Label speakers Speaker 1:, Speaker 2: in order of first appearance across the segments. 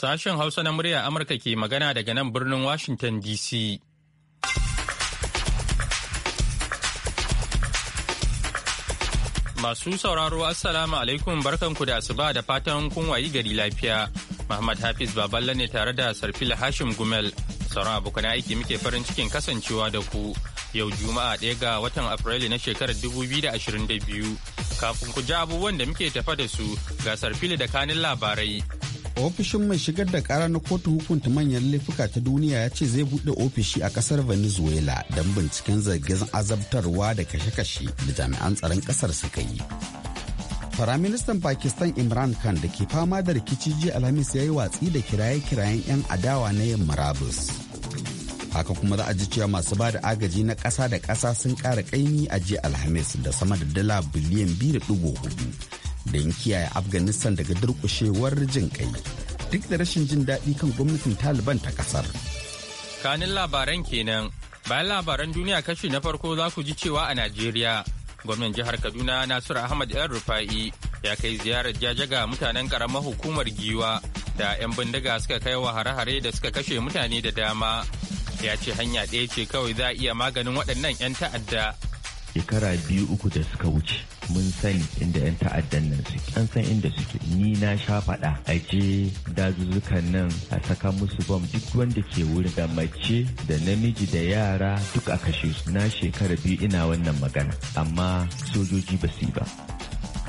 Speaker 1: Sashen Hausa na murya Amurka ke magana daga nan birnin Washington DC. Masu sauraro Assalamu alaikum barkanku da asuba da fatan kun wayi gari lafiya. Muhammad Hafiz Baballe ne tare da Sarfila Hashim Gumel. Sauran abokan aiki muke farin cikin kasancewa da ku. Yau Juma'a ɗaya ga watan Afrilu na shekarar da da biyu Kafin ku ji abubuwan da muke tafa da su ga Sarfila da kanin labarai.
Speaker 2: ofishin mai shigar da kara na kotu hukunta manyan laifuka ta duniya ya ce zai buɗe ofishi a kasar venezuela don binciken zargin azabtarwa da kashe-kashe da jami'an tsaron kasar suka yi Firaministan Pakistan Imran Khan da ke fama da rikici jiya Alhamis ya yi watsi da kiraye-kirayen 'yan adawa na yin marabus. Haka kuma za a ji cewa masu ba da agaji na ƙasa da ƙasa sun ƙara ƙaimi a jiya Alhamis da sama da dala biliyan 2.4 don kiyaye afghanistan daga durkushewar jin kai duk da rashin jin daɗi kan gwamnatin taliban ta ƙasar.
Speaker 1: kanin labaran kenan bayan labaran duniya kashi na farko za ku ji cewa a najeriya gwamnan jihar kaduna Nasiru ahmad yan rufa'i ya kai ziyarar jajaga mutanen karamar hukumar giwa da 'yan bindiga suka kai wa hare-hare da suka kashe mutane da dama ya ce hanya ɗaya ce kawai za a iya maganin waɗannan 'yan ta'adda
Speaker 3: shekara biyu uku da suka wuce mun sani inda 'yan ta'addan nan suke an san inda suke ni na sha faɗa a je dazuzzukan nan a saka musu bom duk wanda ke wuri da mace da namiji da yara duk a kashe su na shekara biyu ina wannan magana amma sojoji ba su yi ba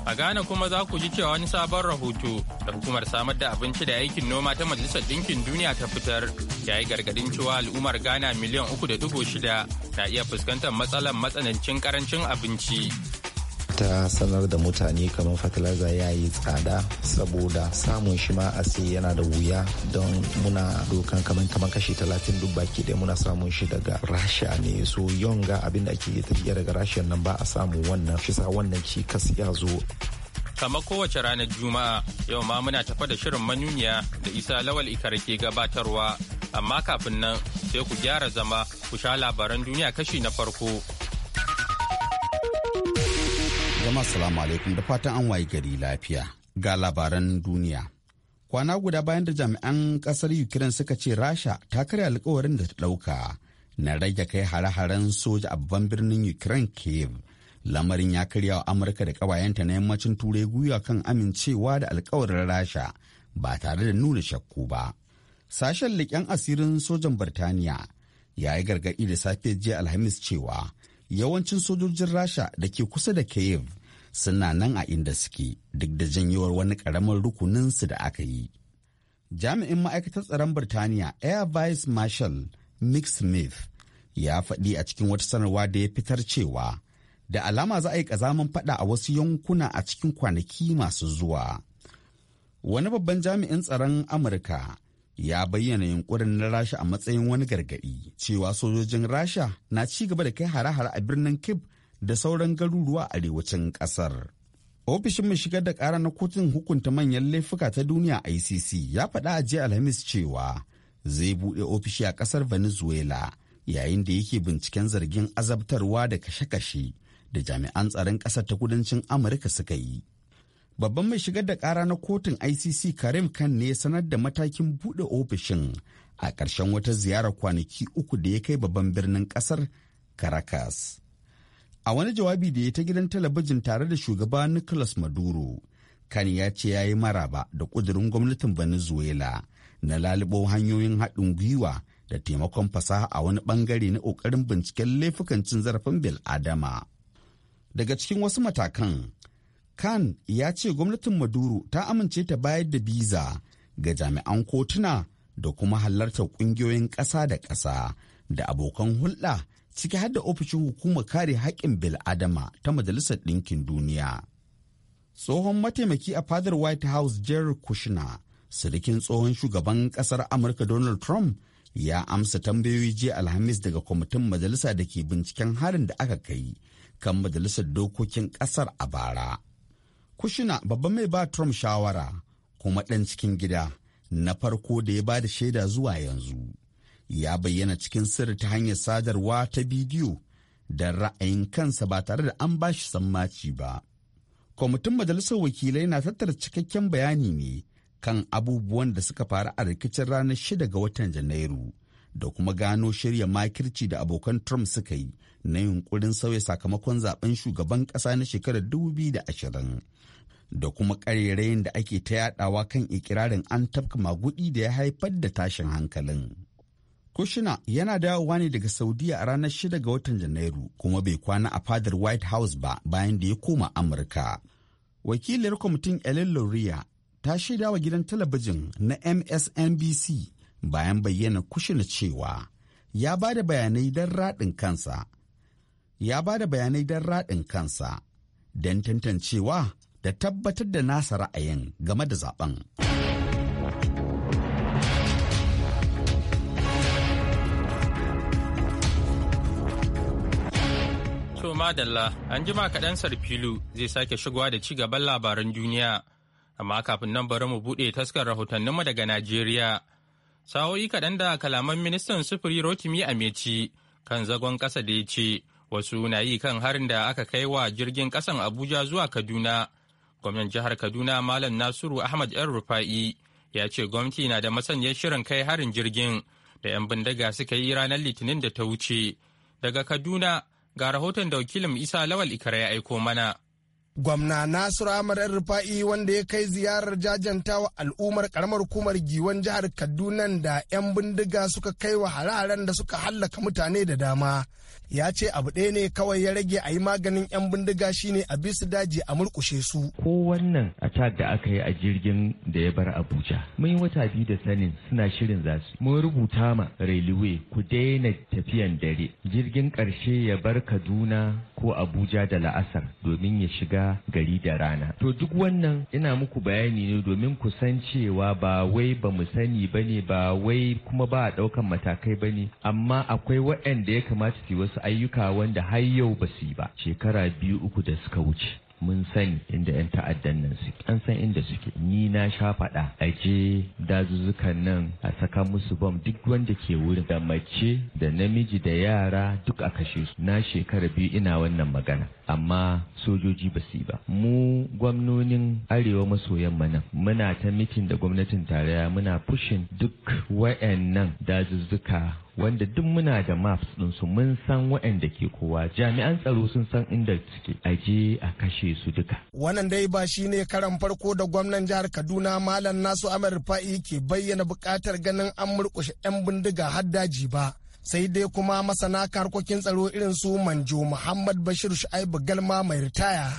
Speaker 1: A Ghana kuma za ku ji cewa wani sabon rahoto da hukumar samar da abinci da aikin noma ta Majalisar Ɗinkin Duniya ta fitar ya yi gargadin cewa al'ummar Ghana miliyan uku da dubu shida na iya fuskantar matsalar matsanancin karancin abinci
Speaker 4: ta sanar da mutane kamar fertilizer ya yi tsada saboda samun shi ma a sai yana da wuya don muna dokan kamar kamar kashi talatin duk baki ɗaya muna samun shi daga rasha ne so yonga abin da ake tafiya daga rasha nan ba a samu wannan shi sa wannan cikas ya zo
Speaker 1: kama kowace ranar juma'a yau ma muna tafa da shirin manuniya da isa lawal ikar ke gabatarwa amma kafin nan sai ku gyara zama ku sha labaran duniya kashi na farko
Speaker 2: jama'a salamu alaikum da fatan an waye gari lafiya ga labaran duniya. Kwana guda bayan da jami'an kasar Ukraine suka ce Rasha ta karya alkawarin da ta ɗauka na rage kai hare-haren soja a babban birnin Ukraine Kiev. Lamarin ya karya wa Amurka da ƙawayenta na yammacin Turai gwiwa kan amincewa da alkawarin Rasha ba tare da nuna shakku ba. Sashen leƙen asirin sojan Birtaniya ya yi gargaɗi da safe jiya Alhamis cewa yawancin sojojin Rasha da ke kusa da Kiev suna nan a inda suke duk da janyowar wani rukunin su da aka yi. Jami'in ma'aikatar tsaron Birtaniya Air Vice Marshal Mick Smith ya faɗi a cikin wata sanarwa da ya fitar cewa da alama za a yi ƙazamin faɗa a wasu yankuna a cikin kwanaki masu zuwa. Wani babban jami'in tsaron Amurka ya bayyana yunkurin na rasha a matsayin wani gargaɗi cewa sojojin rasha na ci gaba da kai hare-hare a birnin Cape. da sauran garuruwa a arewacin ƙasar. Ofishin mai shigar da ƙara na kotun hukunta manyan laifuka ta duniya ICC ya faɗa a jiya Alhamis cewa zai buɗe ofishi a ƙasar Venezuela yayin da yake binciken zargin azabtarwa da kashe-kashe da jami'an tsaron ƙasar ta kudancin Amurka suka yi. Babban mai shigar da ƙara na kotun ICC Karim Khan ne sanar da matakin buɗe ofishin a ƙarshen wata ziyarar kwanaki uku da ya kai babban birnin ƙasar Caracas. a wani jawabi da ya ta gidan talabijin tare da shugaba nicolas maduro kan ya ce ya yi maraba da ƙudurin gwamnatin venezuela na lalubo hanyoyin haɗin gwiwa da taimakon fasaha a wani ɓangare na ƙoƙarin binciken laifukan cin zarafin bil'adama daga cikin wasu matakan kan ya ce gwamnatin maduro ta amince ta bayar da biza ga jami'an kotuna da kuma halartar ƙungiyoyin ƙasa da ƙasa da abokan hulɗa ciki har da ofishin hukumar kare haƙƙin bil'adama ta majalisar ɗinkin duniya tsohon mataimaki a fadar white house jerry kushner sirikin tsohon shugaban ƙasar amurka donald trump ya amsa tambayoyi jiya alhamis daga kwamitin majalisa da ke binciken harin da aka kai kan majalisar dokokin ƙasar a bara kushina babban mai ba trump shawara kuma ɗan cikin gida na farko da ya ba da shaida zuwa yanzu ya bayyana cikin sirri ta hanyar sadarwa ta bidiyo da ra'ayin kansa ba tare da an bashi sammaci ba. Kwamitin Majalisar Wakilai na tattara cikakken bayani ne kan abubuwan da suka faru a rikicin ranar shida ga watan Janairu da kuma gano shirya makirci da abokan Trump suka yi na yunkurin sauya sakamakon zaben shugaban ƙasa na shekarar 2020. da kuma ƙarerayin da ake ta yadawa kan ikirarin an tafka magudi da ya haifar da tashin hankalin. Kushina yana dawowa ne daga Saudiya a ranar 6 ga watan Janairu kuma bai kwana a fadar White House ba bayan da ya koma Amurka. Wakilar kwamitin Ellen Loria ta shaida wa gidan talabijin na MSNBC bayan bayyana kushina cewa ya ba da bayanai don raɗin kansa. Ya ba da bayanai don raɗin kansa don tantancewa da tabbatar da nasa ra'ayin game da zaben.
Speaker 1: madalla an jima kaɗan sarfilu zai sake shigowa da ci gaban labaran duniya. Amma kafin nan bari mu buɗe taskar rahotanninmu daga Najeriya. sawoyi kaɗan da kalaman ministan sufuri Rotimi Ameci kan zagon ƙasa da ya ce wasu na yi kan harin da aka kai wa jirgin ƙasan Abuja zuwa Kaduna. Gwamnan jihar Kaduna Malam Nasiru Ahmad ‘yan Rufa'i ya ce gwamnati na da masaniyar shirin kai harin jirgin da 'yan bindiga suka yi ranar Litinin da ta wuce. Daga Kaduna Ga rahoton da wakilin Isa Lawal Ikara ya aiko mana.
Speaker 5: Gwamna Nasiru Ahmad Rufa'i wanda ya kai ziyarar jajantawa al'ummar karamar hukumar giwan jihar Kaduna da 'yan bindiga suka kai wa hare da suka hallaka mutane da dama. Ya ce abu ɗaya ne kawai ya rage a yi maganin 'yan bindiga shine a bisu daji a murkushe su. Ko wannan
Speaker 3: attack da aka yi a jirgin da ya bar Abuja. Mun yi wata biyu da sanin suna shirin za su. Mun rubuta ma railway ku daina tafiyan dare. Jirgin ƙarshe ya bar Kaduna ko Abuja da la'asar domin ya shiga shiga gari da rana to duk wannan ina muku bayani ne domin ku san cewa ba wai ba mu sani ba ne ba wai kuma ba a ɗaukan matakai ba ne amma akwai waɗanda ya kamata su yi wasu ayyuka wanda har yau ba su yi ba shekara biyu uku da suka wuce mun sani inda 'yan ta'addan nan su an san inda suke ni na sha faɗa a je dazuzzukan nan a saka musu bom duk wanda ke wurin da mace da namiji da yara duk a kashe su na shekara biyu ina wannan magana amma sojoji ba su ba mu gwamnonin arewa maso yamma nan muna ta mitin da gwamnatin tarayya muna fushin duk wa'annan dazuzzuka wanda duk muna da maps din su mun san waɗanda ke kowa jami'an tsaro sun san inda suke aje a kashe su duka
Speaker 5: wannan dai ba shi ne karan farko da gwamnan jihar Kaduna Malam Nasu Amir Fa'i ke bayyana buƙatar ganin an murƙushe 'yan bindiga har daji ba sai dai kuma masana harkokin tsaro irin su manjo muhammad bashir shu'aibu galma mai ritaya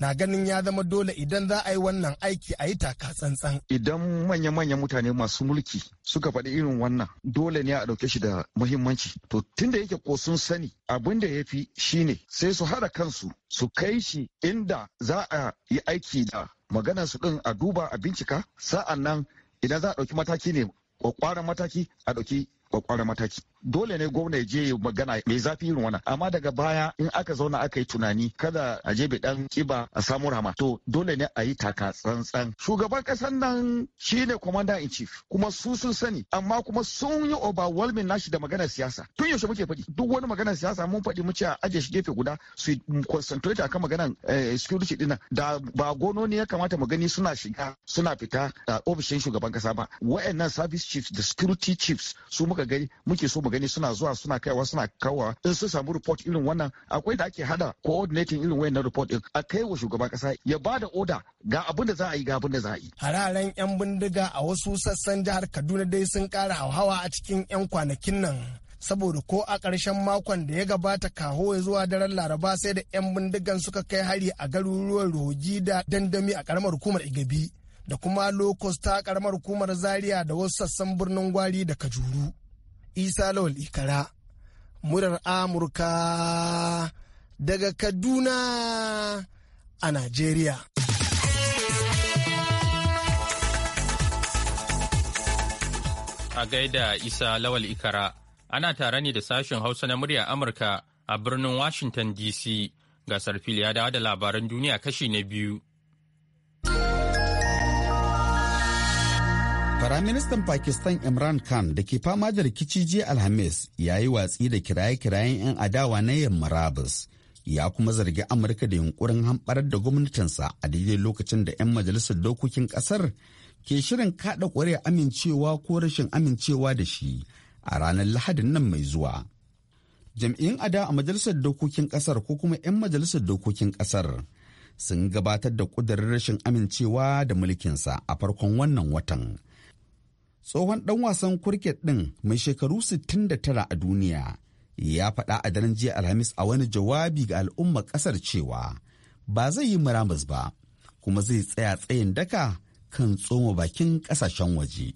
Speaker 5: na ganin ya zama dole idan za a yi wannan aiki a yi taka tsantsan.
Speaker 6: Idan manya-manyan mutane masu mulki suka faɗi irin wannan dole ne a ɗauke shi da muhimmanci. To tun da yake ko sun sani abin da ya fi shine sai su haɗa kansu su kai shi inda za a yi aiki da magana su ɗin a duba a bincika sa'an nan idan za a ɗauki mataki ne kwakwaran mataki a ɗauki kwakwara mataki dole ne gwamna ya je magana mai zafi irin wannan amma daga baya in aka zauna aka yi tunani kada a je dan kiba a samu rama to dole ne a yi taka tsantsan shugaban kasan nan shine commander in chief kuma su sun sani amma kuma sun yi overwhelming nashi da magana siyasa tun yaushe muke faɗi duk wani magana siyasa mun faɗi mu ce a aje shi gefe guda su concentrate akan magana eh, security dinnan da ba gono ne ya kamata mu gani suna shiga suna fita a ofishin shugaban kasa ba wa'annan service chiefs da security chiefs su muka muka gani muke so mu gani suna zuwa suna kaiwa suna kawa in sun samu report irin wannan akwai da ake hada coordinating irin wayannan report din a kai wa shugaban kasa ya ba da oda ga abin da za a yi ga abin da za a yi
Speaker 5: hararen yan bindiga a wasu sassan jihar Kaduna dai sun kara hauhawa a cikin yan kwanakin nan saboda ko a ƙarshen makon da ya gabata kaho ya zuwa daren laraba sai da 'yan bindigan suka kai hari a garuruwan roji da dandami a karamar hukumar igabi da kuma lokos ta ƙaramar hukumar zaria da wasu sassan birnin gwari da kajuru isa lawal ikara murar amurka daga kaduna a najeriya
Speaker 1: a gaida isa lawal ikara ana tare ne da sashen hausa na murya amurka a birnin washington dc gasar fili ya dawo da labaran duniya kashi na biyu
Speaker 2: Firaministan Pakistan Imran Khan da ke fama da rikici jiya Alhamis ya yi watsi da kiraye-kirayen 'yan adawa na yamma Rabus. Ya kuma zargi Amurka da yunkurin hamɓarar da gwamnatinsa a daidai lokacin da 'yan majalisar dokokin ƙasar ke shirin kaɗa ƙwarya amincewa ko rashin amincewa da shi a ranar Lahadin nan mai zuwa. Jam'iyyun ada a majalisar dokokin ƙasar ko kuma 'yan majalisar dokokin ƙasar sun gabatar da ƙudurin rashin amincewa da mulkinsa a farkon wannan watan. tsohon ɗan wasan kurket ɗin mai shekaru 69 a duniya ya faɗa a daren jiya alhamis a wani jawabi ga al'ummar ƙasar cewa ba zai yi muramus ba kuma zai tsaya tsayin daka kan tsoma bakin ƙasashen waje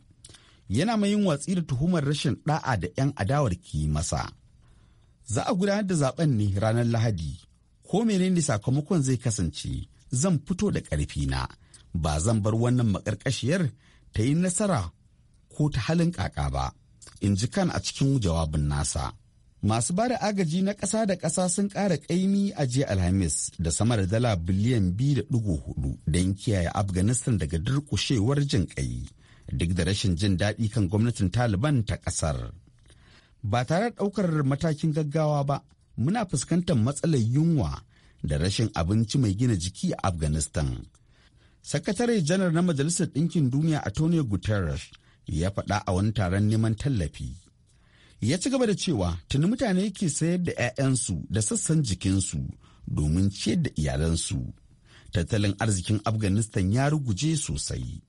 Speaker 2: yana mai yin watsi da tuhumar rashin ɗa'a da 'yan adawar ki masa za a gudanar da zaben ne ranar lahadi ko menene sakamakon zai kasance zan fito da ƙarfina ba zan bar wannan maƙarƙashiyar ta yi nasara ko ta halin kaka ba in ji kan a cikin jawabin nasa masu ba da agaji na ƙasa da ƙasa sun ƙara ƙaimi a jiya alhamis da samar da dala biliyan biyu da 2.4 don kiyaye afghanistan daga durƙushewar jin ƙai duk da rashin jin daɗi kan gwamnatin taliban ta ƙasar ba tare da ɗaukar matakin gaggawa ba muna fuskantar matsalar yunwa da rashin abinci mai gina jiki a afghanistan sakatare janar na majalisar ɗinkin duniya antonio guterres ya faɗa a wani taron neman tallafi. Ya ci gaba da cewa tuni mutane ke sayar da 'ya'yansu da sassan jikinsu domin ciyar da iyalansu. Tattalin arzikin Afghanistan ya ruguje sosai.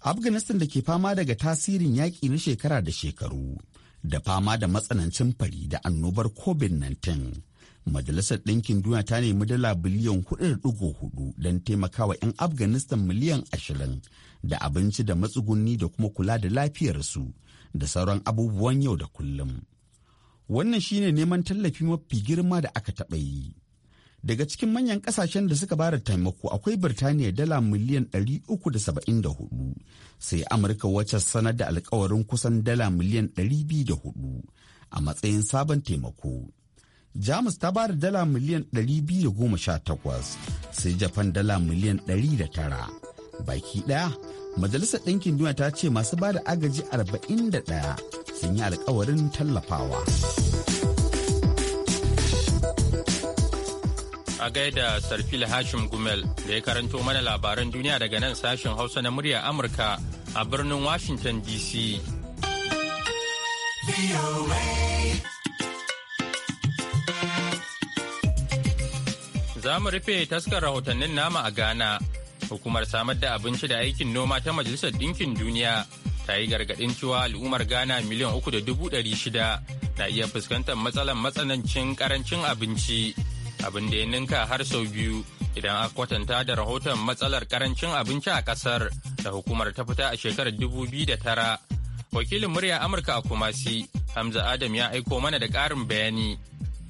Speaker 2: Afghanistan da ke fama daga tasirin yaƙi na shekara da shekaru, da fama da matsanancin fari da annobar COVID-19 Majalisar Ɗinkin Duniya ta nemi dala biliyan 4.4 don taimakawa 'yan Afghanistan miliyan 20 da abinci da matsuguni da kuma kula da lafiyarsu da sauran abubuwan yau da kullum. Wannan shi ne neman tallafi mafi girma da aka taɓa yi. Daga cikin manyan ƙasashen da suka bada taimako akwai Birtaniya dala miliyan 374 sai Amurka wacce sanar da alkawarin kusan dala miliyan 204 a matsayin sabon taimako. jamus ta ba da dala miliyan 218 sai japan dala miliyan 109 baki ɗaya majalisar ɗinkin duniya ta ce masu ba da agaji 41 sun yi alkawarin tallafawa
Speaker 1: a gaida sarfil hashim gumel da ya karanto mana labaran duniya daga nan sashen hausa na murya amurka a birnin washington dc za mu rufe taskar rahotannin nama a Ghana. Hukumar samar da abinci da aikin noma ta Majalisar Dinkin Duniya ta yi gargaɗin cewa al'ummar Ghana miliyan uku da dubu ɗari shida na iya fuskantar matsalar matsanancin karancin abinci. Abin da ya ninka har sau biyu idan aka kwatanta da rahoton matsalar karancin abinci a ƙasar da hukumar ta fita a shekarar dubu biyu da tara. Wakilin murya Amurka a Kumasi, Hamza Adam ya aiko mana da ƙarin bayani.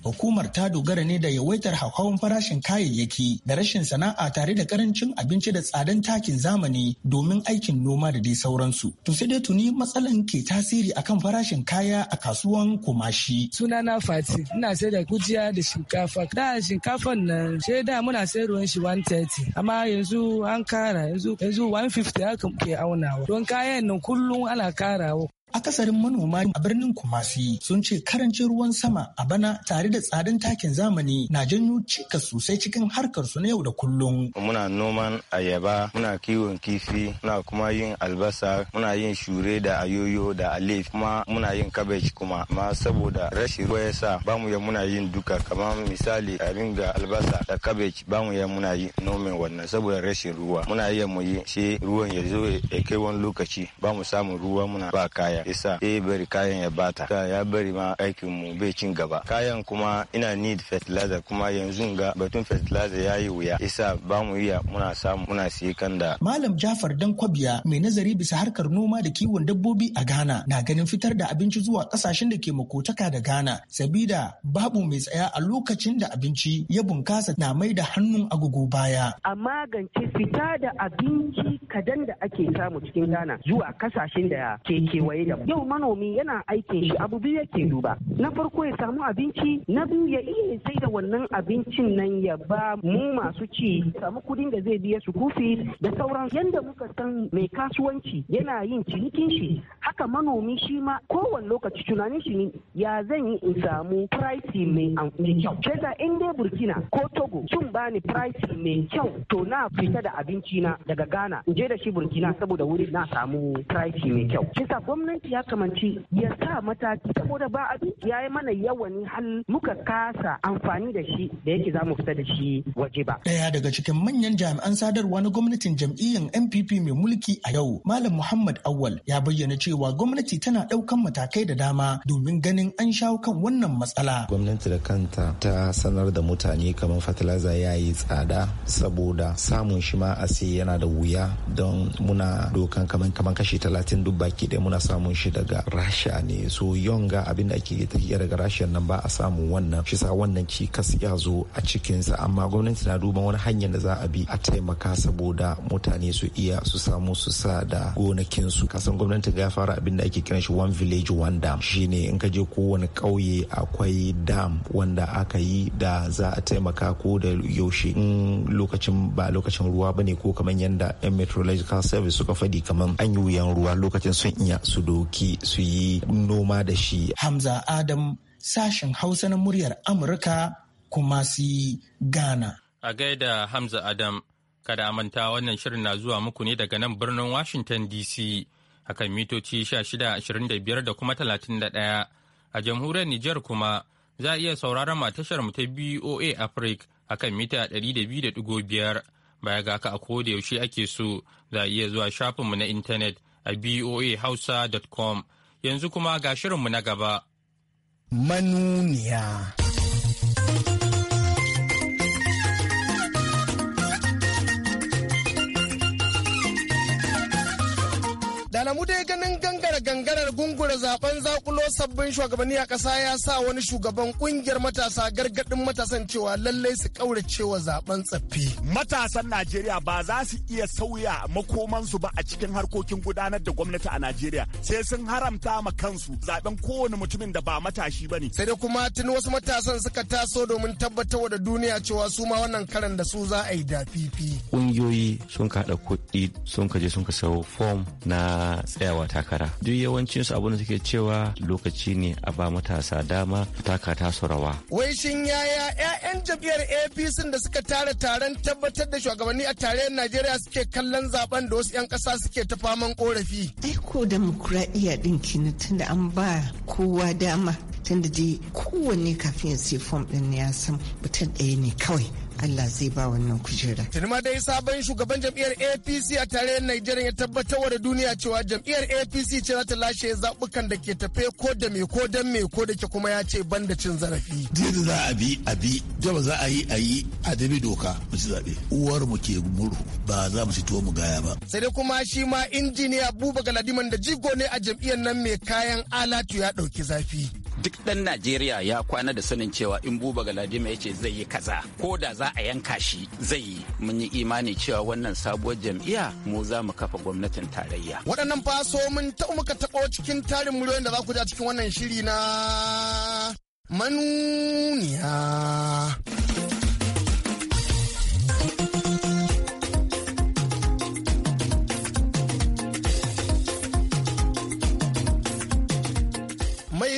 Speaker 7: hukumar ta dogara ne da yawaitar hauhawan farashin kayayyaki da rashin sana'a tare da karancin abinci da tsadan takin zamani domin aikin noma da dai sauransu. To sai dai tuni matsalan ke tasiri akan farashin kaya a kasuwan kumashi. Sunana Fati, ina sai da gujiya da shinkafa. Da shinkafan nan sai da muna sai ruwan shi 130, amma yanzu an kara yanzu yanzu 150 haka ke aunawa. Don kayan nan kullum ana karawa. Akasarin manoma a birnin Kumasi sun ce karancin ruwan sama a bana tare da tsadan takin zamani na janyo cikas sosai cikin harkar su na yau da kullum.
Speaker 1: Muna noman ayaba, muna kiwon kifi, muna kuma yin albasa, muna yin shure da ayoyo da alif, kuma muna yin kabeji kuma. Ma saboda rashin ruwa ya sa ba ya muna yin duka kamar misali abin ga albasa da kabeji ba mu ya muna yin nomin wannan saboda rashin ruwa. Muna iya mu yi shi ruwan ya zo ya kai wani lokaci bamu mu samun ruwa muna ba kaya. kaya isa ya eh, bari kayan ya bata ya bari ma aikin mu bai cin gaba kayan kuma ina need fertilizer kuma yanzu ga batun fertilizer ya yi wuya isa ba mu iya muna samu muna siye kan da
Speaker 7: malam jafar dan kwabiya mai nazari bisa harkar noma da kiwon dabbobi a ghana na ganin fitar da abinci zuwa kasashen da ke makotaka da ghana sabida babu mai tsaya a lokacin da abinci ya bunkasa na mai da hannun agogo baya a magance fita da abinci kadan da ake samu cikin ghana zuwa kasashen da ke kewaye yau
Speaker 2: manomi yana aikin shi abu biyu yake duba na farko ya samu abinci na biyu ya iya sai
Speaker 7: da wannan abincin nan ya ba mu masu ci samu kudin da zai biya su kufi da sauran yanda muka san mai kasuwanci yana yin cinikin shi haka manomi shi ma kowane lokaci tunanin shi ne ya zan yi in samu price mai kyau shaida in dai burkina ko togo sun bani price mai kyau to na fita da abinci na
Speaker 2: daga ghana in je da shi burkina saboda wuri na samu price mai kyau kisa gwamnati gwamnati ya kamanci
Speaker 7: ya sa mataki saboda ba abin ya yi mana yawani hal muka kasa amfani da shi da yake za mu fita da shi waje ba. Daya daga cikin manyan jami'an sadarwa na gwamnatin jam'iyyar NPP mai mulki a yau, Malam Muhammad Awal ya bayyana cewa gwamnati tana ɗaukan matakai da dama domin ganin an shawo kan wannan
Speaker 4: matsala. Gwamnati da kanta ta sanar da mutane kamar fatalaza ya yi tsada saboda samun shi ma a sai yana da wuya don muna dokan kamar kashi talatin duk baki ɗaya muna samun samun shi daga rasha ne so yonga abin da ake tafiya daga rasha nan ba a samu wannan shi sa wannan cikas ya zo a cikinsa amma gwamnati na duban wani hanyar da za a bi a taimaka saboda mutane su iya su samu su sa da gonakinsu kasan gwamnati ya fara abin da ake kiran shi one village one dam shine in ka je kowane ƙauye akwai dam wanda aka yi da za a taimaka ko da yaushe in lokacin ba lokacin ruwa ba ne ko kamar yadda yan meteorological service suka faɗi kamar an yi wuyan ruwa lokacin sun iya su do doki su yi noma da shi. Hamza Adam sashen Hausa na muryar Amurka
Speaker 7: kuma su yi Ghana.
Speaker 1: A gaida Hamza Adam, kada manta wannan shirin na zuwa muku ne daga nan birnin Washington DC akan mitoci 1625 da kuma 31 a jamhuriyar Nijar kuma za a iya sauraron matashar mu ta BOA Africa akan mita 200.5 baya ga haka a yaushe ake so za a iya zuwa shafinmu na intanet a voahausa.com yanzu kuma ga shirinmu na gaba.
Speaker 3: Manuniya.
Speaker 5: Da namu dai ganin gangara gangarar gungura zaben zakulo sabbin shugabanni a ƙasa ya sa wani shugaban kungiyar matasa gargadin
Speaker 8: matasan cewa lallai su kauracewa zaben tsaffi. Matasan Najeriya ba za su iya sauya makomansu ba a cikin harkokin gudanar da gwamnati a Najeriya sai sun haramta ma kansu zaben kowane mutumin da ba matashi ba ne. Sai da kuma tun wasu matasan suka taso domin
Speaker 5: tabbatar da duniya cewa su ma wannan karan da su za a yi dafifi.
Speaker 9: Ƙungiyoyi sun kaɗa kuɗi sun kaje sun ka sayo fom na a tsayawa takara duk yawancin su abin da suke cewa lokaci ne a ba matasa dama taka ta rawa
Speaker 5: wai shin yaya 'ya'yan jam'iyyar apc da suka tara taron tabbatar da shugabanni a tarayyar najeriya suke kallon zaben da wasu 'yan ƙasa suke ta faman korafi
Speaker 7: aiko demokuraɗiyya din kina tunda an ba kowa dama tunda dai kowanne kafin ya sai fom ɗin ya san mutum ɗaya ne kawai Allah zai ba wannan kujera.
Speaker 5: Tuni ma dai sabon shugaban jam'iyyar APC a tarayyar Najeriya ya tabbatar da duniya cewa jam'iyyar APC ce za ta lashe zaɓukan da ke tafe ko da me ko dan me ko da ke kuma ya ce ban cin
Speaker 10: zarafi. Duk da za a bi a bi da ba za a yi a yi a dabi doka mu ci zaɓe. Uwar mu ke murhu ba za mu ci mu gaya ba.
Speaker 5: Sai dai kuma shi ma injiniya Buba Galadiman da jigo ne a jam'iyyar nan mai kayan alatu ya ɗauki zafi.
Speaker 11: duk ɗan najeriya ya kwana da sanin cewa in buba galadima ya ce zai yi kaza ko da za a yanka shi zai yi mun yi imani cewa wannan sabuwar jam'iyya mu za mu kafa gwamnatin tarayya
Speaker 5: waɗannan faso mun taɓa muka taɓo cikin tarin miliyoyin da za ku ja cikin wannan shiri na manuniya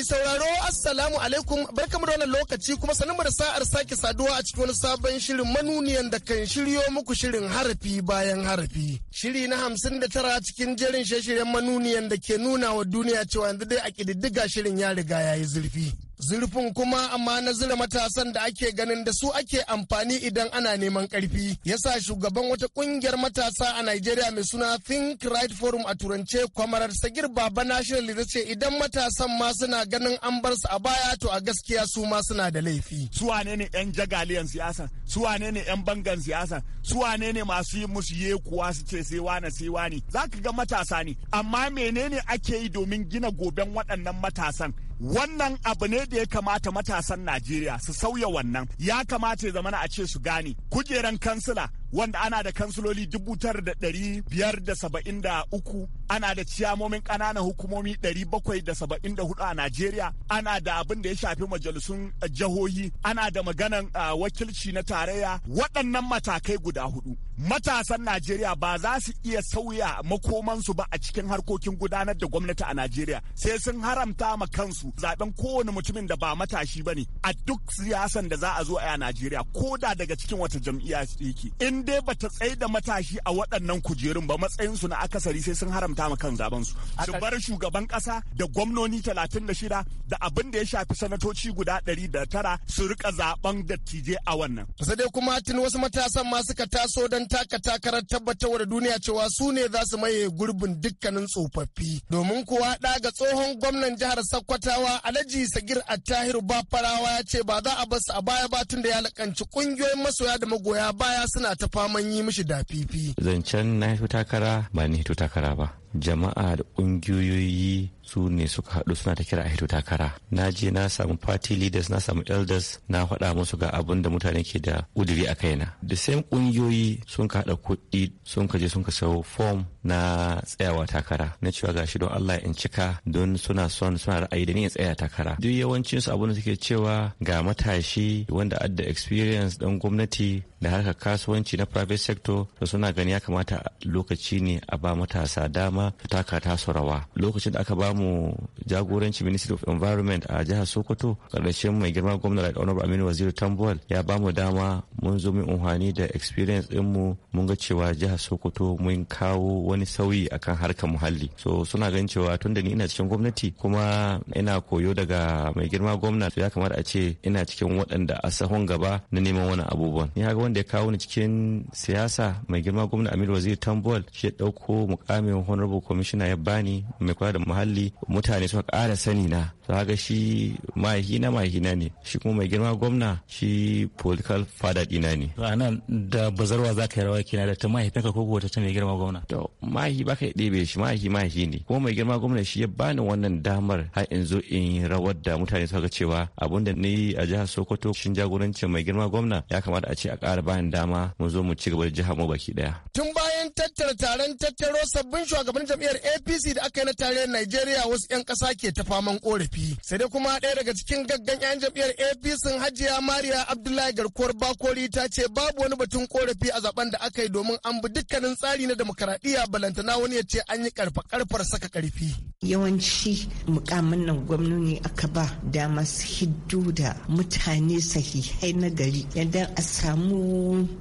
Speaker 5: Mai sauraro Assalamu alaikum barkamu da wannan lokaci kuma sanin da sa'ar sake saduwa a cikin wani sabon shirin manuniyan da kan shiryo muku shirin harafi bayan harafi. Shiri na hamsin da tara cikin jerin shirye-shiryen manuniyan da ke nuna wa duniya cewa yanzu dai a ƙididdiga shirin ya riga ya yi zurfi. zurfin kuma amma na zira matasan da ake ganin da su ake amfani idan ana neman karfi yasa shugaban wata kungiyar matasa a Najeriya mai suna Think Right Forum a turance kwamarar Sagir Baba National da ce idan
Speaker 8: matasan ma suna ganin an bar su a baya to a gaskiya su ma suna da laifi su wane ne yan jagaliyan siyasa su wane ne yan bangan siyasa su wane ne masu yi musu yekuwa su ce sai wane sai wane zaka ga matasa ne amma menene ake yi domin gina goben waɗannan matasan wannan abu ne da ya kamata matasan najeriya su sauya wannan ya kamata ya zamana a ce su gane kujeran kansila wanda ana da kansuloli dubu tara da ɗari biyar da saba'in da uku ana da ciyamomin ƙananan hukumomi ɗari bakwai da saba'in da hudu a najeriya ana da abin da ya shafi majalisun eh, jihohi ana da maganan eh, wakilci na tarayya waɗannan matakai guda hudu matasan najeriya ba za su iya sauya makomansu ba a cikin harkokin gudanar da gwamnati a najeriya sai sun haramta ma kansu zaben kowane mutumin da ba matashi ba ne a duk siyasan da za a zo a najeriya ko da daga cikin wata jam'iyya yake in in dai bata tsaye da matashi a waɗannan kujerun ba matsayin su na akasari sai sun haramta ma kan zaben su su bar shugaban kasa da gwamnoni talatin da abin da ya shafi sanatoci guda da tara su rika zaben dattijai a wannan sai dai kuma tun wasu matasan ma suka taso don taka takarar tabbatarwa da
Speaker 5: duniya cewa su ne za su maye gurbin dukkanin tsofaffi domin kuwa ga tsohon gwamnan jihar sakkwatawa alhaji sagir attahir Bafarawa ya ce ba za a basu a baya ba tun da ya lakanci ƙungiyoyin masoya da magoya baya suna ta faman yi mishi dafifi.
Speaker 9: Zancen na hito takara ba ni hito takara ba. jama'a da ƙungiyoyi su ne suka haɗu suna ta kira a hito takara na je na samu party leaders na samu elders na faɗa musu ga abin da mutane ke da udiri a kaina da same ƙungiyoyi sun ka haɗa kuɗi sun ka je sun ka sayo form na tsayawa takara na cewa gashi don Allah in cika don suna son suna ra'ayi da ni in tsaya takara duk yawancin su abin da suke cewa ga matashi wanda adda experience dan gwamnati da harkar kasuwanci na private sector da suna gani ya kamata lokaci ne a ba matasa dama ma taka rawa lokacin da aka ba mu jagoranci ministry of environment a jihar sokoto karshen mai girma gwamna da honorable aminu waziri tambuwal ya ba mu dama mun zo mu unhani da experience din mu mun ga cewa jihar sokoto mun kawo wani sauyi akan harkar muhalli so suna ganin cewa tun da ni ina cikin gwamnati kuma ina koyo daga mai girma gwamna ya kamata a ce ina cikin waɗanda a sahun gaba na neman wani abubuwan ni ga wanda ya kawo ni cikin siyasa mai girma gwamna aminu waziri tambuwal shi ya ɗauko mukamin honorable abu kwamishina ya bani mai kula da muhalli mutane suka ƙara sani na ga shi mahina mahina ne shi kuma mai girma gwamna shi political fada dina ne a nan da bazarwa za yi rawa kina da ta mahaifinka ko wata ta mai girma gwamna to mahi ba yi ɗebe shi mahi mahi ne kuma mai girma gwamna shi ya bani wannan damar har in zo in rawar da mutane suka cewa abun da ni a jihar sokoto shin jagorancin mai girma gwamna ya kamata a ce a ƙara bayan dama mu zo mu ci gaba da jihar mu baki daya
Speaker 5: tun bayan tattara taron tattaro sabbin shugaban jam'iyyar apc da aka yi na tarayyar najeriya wasu 'yan ƙasa ke ta faman ƙorafi zafi sai dai kuma ɗaya daga cikin gaggan 'yan jam'iyyar apc hajiya mariya abdullahi garkuwar bakori ta ce babu wani batun korafi a zaben da aka yi domin an bi dukkanin tsari na demokaradiyya balantana wani ya ce an yi karfa karfar saka karfi
Speaker 7: yawanci mukamin nan gwamnoni aka ba da masu hiddu da mutane sahihai na gari yadda a samu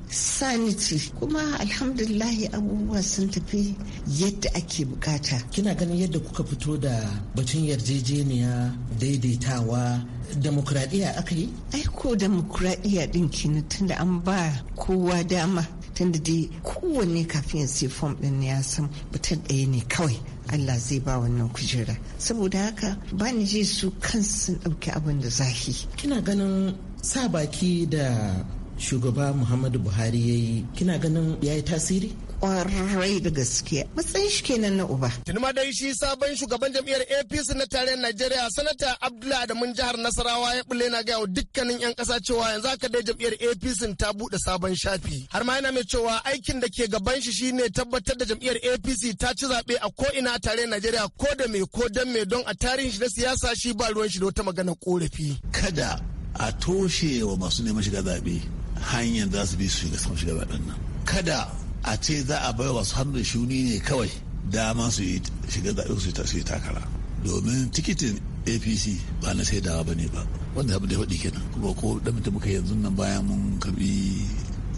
Speaker 7: sanity kuma alhamdulillahi abubuwa sun tafi yadda ake bukata kina ganin yadda kuka fito da batun yarjejeniya daidaitawa demokradiyya aka yi? Aiko demokradiyya din kenan tunda an ba kowa dama tunda dai kowanne kafin ya sai fom din ya san mutum ɗaya ne kawai Allah zai ba wannan kujera saboda haka ba ni ji su kansu ɗauki abin da zahi. Kina ganin sa baki da shugaba Muhammadu Buhari ya yi kina ganin ya yi tasiri? kwarai da gaske matsayin shi kenan na uba. Tuni ma dai shi
Speaker 5: sabon shugaban
Speaker 7: jam'iyyar APC na tarayyar
Speaker 5: Najeriya sanata Abdullahi Adamun jihar Nasarawa ya bulle na gaya wa dukkanin 'yan kasa cewa yanzu haka dai jam'iyyar APC ta buɗe sabon shafi. Har ma yana mai cewa aikin da ke gaban shi shine tabbatar da jam'iyyar APC ta ci zaɓe a ko ina a tarayyar Najeriya ko da me ko dan me don a tarihin shi
Speaker 10: na siyasa shi ba ruwan shi da wata magana korafi. Kada a toshe wa masu neman shiga zaɓe hanyar za su bi su shiga shiga zaɓen nan. Kada a ce za a bai wasu hannun shuni ne kawai dama su yi shiga zaɓe su yi takara domin tikitin apc ba na dawa ba ne ba wanda abu da faɗi kenan kuma ko da mutum muka yanzu nan bayan mun karbi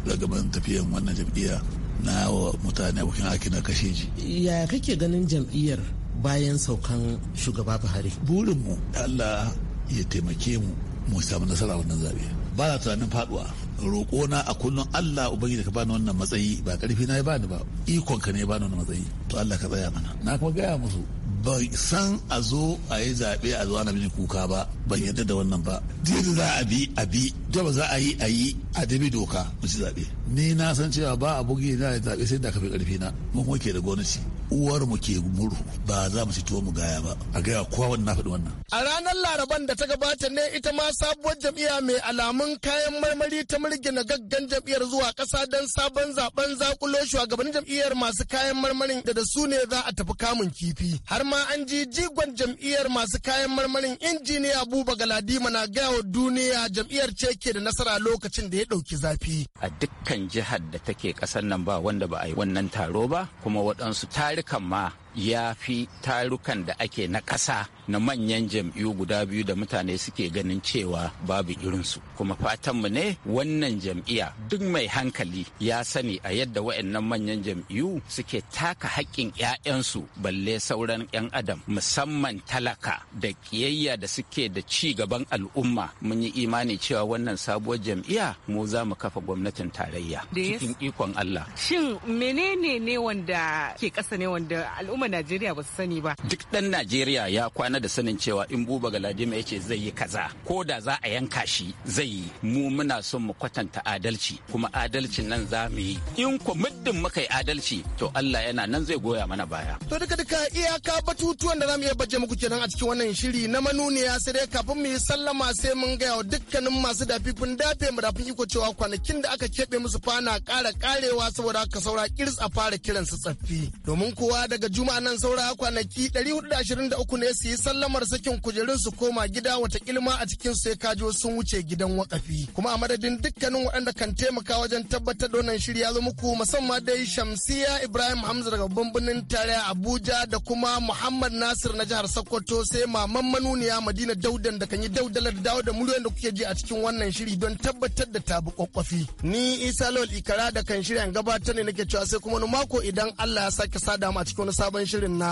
Speaker 10: ragaban tafiyan wannan jam'iyya na wa mutane abokin aiki na kashe
Speaker 7: ji ya kake ganin jam'iyyar bayan saukan shugaba buhari
Speaker 10: burinmu allah ya taimake mu mu samu nasara wannan zaɓe ba na tunanin faɗuwa roƙo na a kullum Allah ubangiji ka bani wannan matsayi ba karfi na ya bani ba ikon ka ne ya bani wannan matsayi to Allah ka tsaya mana na kuma gaya musu ba san a zo a yi zaɓe a zo ana mini kuka ba ban yadda da wannan ba da za a bi a bi da ba za a yi a yi a dabi doka mu ci zaɓe ni na san cewa ba a bugi na zaɓe sai da kafin ƙarfi na mun kuma ke da gwamnati uwar mu ke murhu ba za mu sito mu gaya ba a gaya kowa wannan na faɗi wannan
Speaker 5: a ranar laraban da ta gabata ne ita ma sabuwar jam'iyya mai alamun kayan marmari ta murgina gaggan jam'iyyar zuwa ƙasa don sabon zaben zakulo shugabannin jam'iyyar masu kayan marmarin da da su ne za a tafi kamun kifi har ma an ji jigon jam'iyyar masu kayan marmarin injiniya buba galadima na gaya wa duniya jam'iyyar ce ke da nasara lokacin da ya ɗauki zafi
Speaker 11: a dukkan jihar da take ƙasar nan ba wanda ba a yi wannan taro ba kuma waɗansu tarihi tarukan ma ya fi tarukan da ake na ƙasa na manyan jam'iyyu guda biyu da mutane suke ganin cewa babu irinsu kuma fatanmu ne wannan jam'iyya duk mai hankali ya sani a yadda wa'annan manyan jam'iyyu suke taka haƙƙin 'ya'yansu balle sauran 'yan adam musamman talaka da ƙiyayya da suke da ci gaban al'umma mun yi imani cewa wannan sabuwar jam'iyya mu za mu kafa gwamnatin tarayya cikin ikon Allah.
Speaker 7: Shin menene ne wanda ke ƙasa ne wanda al'umma Najeriya ba su sani ba? Duk
Speaker 11: ɗan Najeriya ya kwana da sanin cewa in buba galadima ya ce zai yi kaza ko da za a yanka shi zai yi mu muna son mu kwatanta adalci kuma adalcin nan za mu yi in ku muddin muka yi adalci to Allah yana nan zai goya mana baya.
Speaker 5: To duka duka iyaka batutuwan da zamu iya baje muku kenan a cikin wannan shiri na manuniya sai dai kafin mu yi sallama sai mun gaya wa dukkanin masu dafifin dafe mu dafin iko cewa kwanakin da aka keɓe musu fana kara karewa saboda haka saura kirs a fara kiran su tsaffi domin kowa daga juma'a nan saura kwanaki 423 ne su yi sallamar sakin kujerun su koma gida wata ilma a cikin sai kajo sun wuce gidan wakafi kuma a madadin dukkanin waɗanda kan taimaka wajen tabbatar da wannan shirya zo muku musamman dai Shamsiya Ibrahim Hamza daga babban birnin tarayya Abuja da kuma Muhammad Nasir na jihar Sokoto sai maman manuniya Madina Daudan da kan yi daudalar dawo da muryoyin da kuke ji a cikin wannan shiri don tabbatar da tabu kwakwafi ni Isa Lol Ikara da kan shirya gabatar ne nake cewa sai kuma mako idan Allah ya sake sada mu a cikin wani sabon shirin na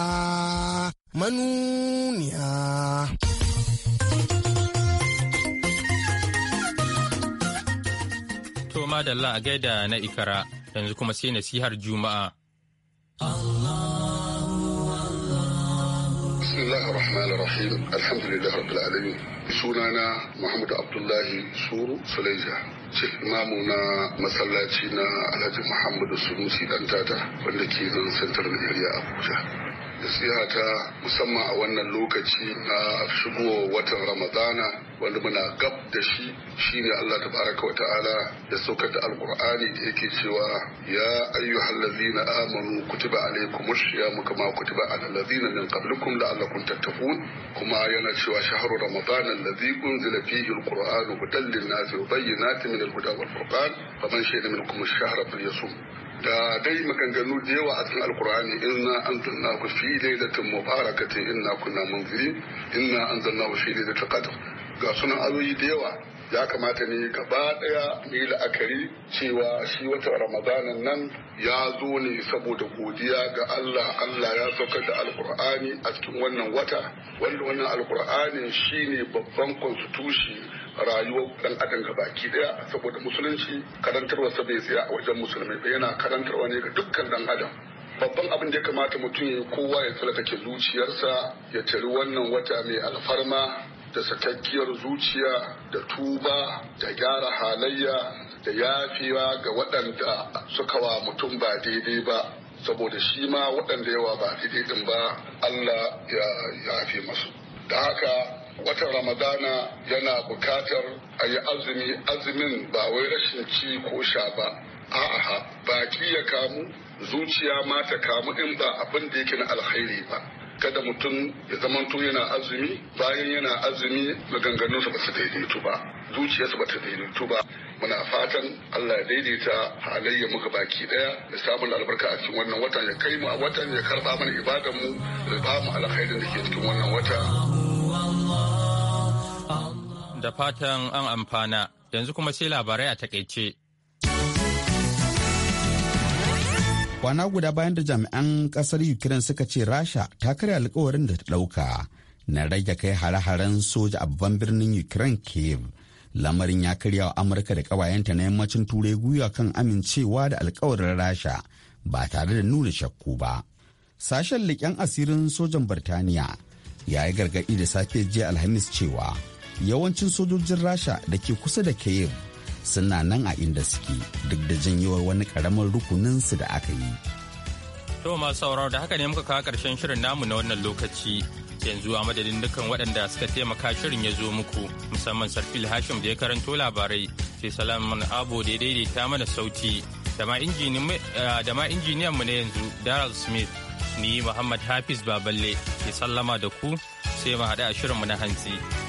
Speaker 5: manuniya.
Speaker 1: To madalla a gaida na ikara yanzu kuma sai nasihar juma'a. بسم الله الرحمن الرحيم
Speaker 12: الحمد لله رب imamu na masallaci na alhaji muhammadu sunusi dan wanda ke nan santar a abuja nasiha musamman a wannan lokaci na shigowa watan ramadana wanda muna gab da shi shine Allah tabaraka wa ta'ala ya saukar da alkur'ani da yake cewa ya ayyuhal ladzina amanu kutiba alaykumus siyamu kama kutiba alal ladzina min qablikum la'allakum tattaqun kuma yana cewa shahru ramadana alladhi unzila fihi alqur'anu hudan lin-nasi wa bayyinatin min al-huda wal-furqan faman shahida minkum ash-shahra falyasum da dai maganganu da yawa a cikin alkur'ani inna anzalna ku fi lailatin mubarakatin inna kunna munzirin inna anzalna ku fi lailatul qadr ga sunan ayoyi da yawa ya kamata ne gaba daya mu la'akari cewa shi wata ramadanan nan ya zo ne saboda godiya ga Allah Allah ya saukar da alkur'ani a cikin wannan wata wanda wannan alkur'ani shine babban constitution rayuwar dan adam ga baki daya saboda musulunci karantarwa sa bai tsaya a wajen musulmi ba yana karantarwa ne ga dukkan dan adam babban abin da ya kamata mutum ya kowa ya take zuciyarsa ya tari wannan wata mai alfarma da sakakkiyar zuciya da tuba da gyara halayya da yafiwa ga waɗanda suka wa mutum ba daidai ba saboda shi ma waɗanda yawa ba daidai ba Allah ya yafi masu da haka watan ramadana yana bukatar a yi azumi azumin ba wai rashin ci ko sha ba a'a baki ya kamu zuciya ma ta kamu in ba abin da yake na alkhairi ba kada mutum ya zamanto yana azumi bayan yana azumi sa ba su daidaitu ba zuciyarsa ba ta daidaitu ba muna fatan Allah ya daidaita halayya muka baki daya ya samu albarka a cikin wannan watan ya kai mu a watan ya karba mana ibadan mu ya ba mu alkhairin da ke cikin wannan wata
Speaker 1: Da fatan an amfana, yanzu kuma sai labarai a takaice.
Speaker 2: Kwana guda bayan da jami'an kasar Ukraine suka ce Rasha ta karya alkawarin da ta ɗauka na rage kai hare-haren soja a babban birnin Ukraine Kiev. Lamarin ya karya wa Amurka da ƙawayenta na yammacin Turai gwiwa kan amincewa da alkawarin Rasha ba tare da nuna shakku ba. Sashen leƙen asirin sojan Birtaniya ya yi gargaɗi da safe jiya Alhamis cewa yawancin sojojin rasha da ke kusa da kyiv suna nan a inda suke duk da janyewar wani karamin su da aka yi
Speaker 1: to masu sauraro da haka ne muka kawo karshen shirin namu na wannan lokaci yanzu a madadin dukkan waɗanda suka taimaka shirin ya zo muku musamman sarfil hashim da ya karanto labarai sai salaman abu da ya daidaita mana sauti eh, da ma injiniyan mu na yanzu daryl smith ni muhammad hafiz baballe ke sallama da ku sai mu haɗu a shirin mu na hantsi.